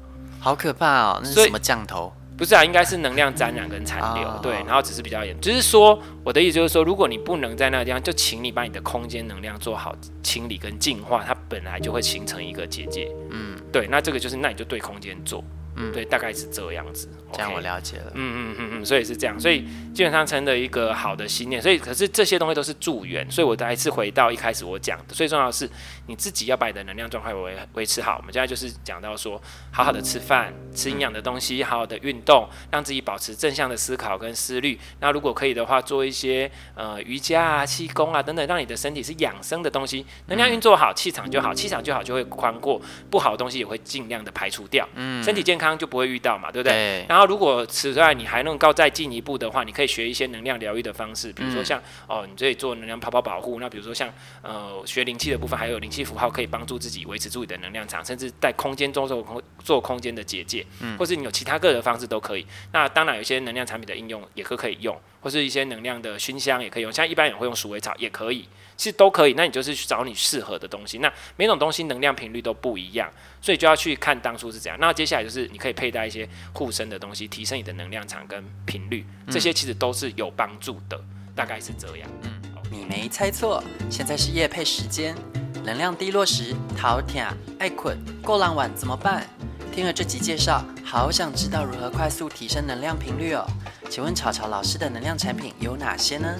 好可怕哦，那是什麼降頭？不是啊，應該是能量沾染跟殘留，哦，對，然後只是比較嚴，哦，就是說，我的意思就是說，如果你不能在那個地方，就請你把你的空間能量做好清理跟淨化，它本來就會形成一個結界，嗯，對，那這個就是那你就對空間做。嗯、對，大概是這樣子。這樣我了解了。OK、嗯嗯嗯嗯，所以是這樣，所以基本上成了一個好的心念。所以可是這些東西都是助緣。所以我再一次回到一開始我講的，最重要的是你自己要把你的能量狀態維維持好。我們現在就是講到說，好好的吃飯、嗯，吃營養的東西，嗯、好好的運動，讓自己保持正向的思考跟思慮。那如果可以的話，做一些、呃、瑜伽啊、氣功啊等等，讓你的身體是養生的東西，能量運作好，氣場就好，嗯、氣場就好就會寬闊，不好的東西也會盡量的排除掉。嗯、身體健康。就不會遇到嘛，對不對？對，然後如果此外你還能夠再進一步的話，你可以學一些能量療癒的方式，比如說像、嗯、哦，你這裡做能量泡泡保護。那比如說像呃，學靈氣的部分，還有靈氣符號可以幫助自己維持住你的能量場，甚至在空間中做空做空間的結界，或是你有其他各個方式都可以。那當然，有些能量產品的應用也可可以用。或是一些能量的熏香也可以，用，像一般也會用鼠尾草，也可以，其實都可以。那你就是去找你適合的東西。那每種東西能量頻率都不一樣，所以就要去看當初是怎樣。那接下來就是你可以佩戴一些護身的東西，提升你的能量場跟頻率，這些其實都是有幫助的。大概是這樣。嗯，你沒猜錯，現在是業配時間。能量低落時，頭痛、愛睏、過浪晚怎麼辦？聽了這集介紹，好想知道如何快速提升能量頻率哦。請問草草老師的能量產品有哪些呢？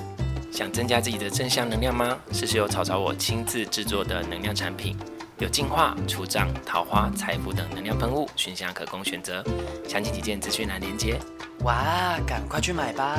想增加自己的正向能量嗎？是，是由草草我親自製作的能量產品，有淨化、除障、桃花、財富等能量噴霧、薰香可供選擇，詳情請見資訊欄鏈接。哇，趕快去買吧！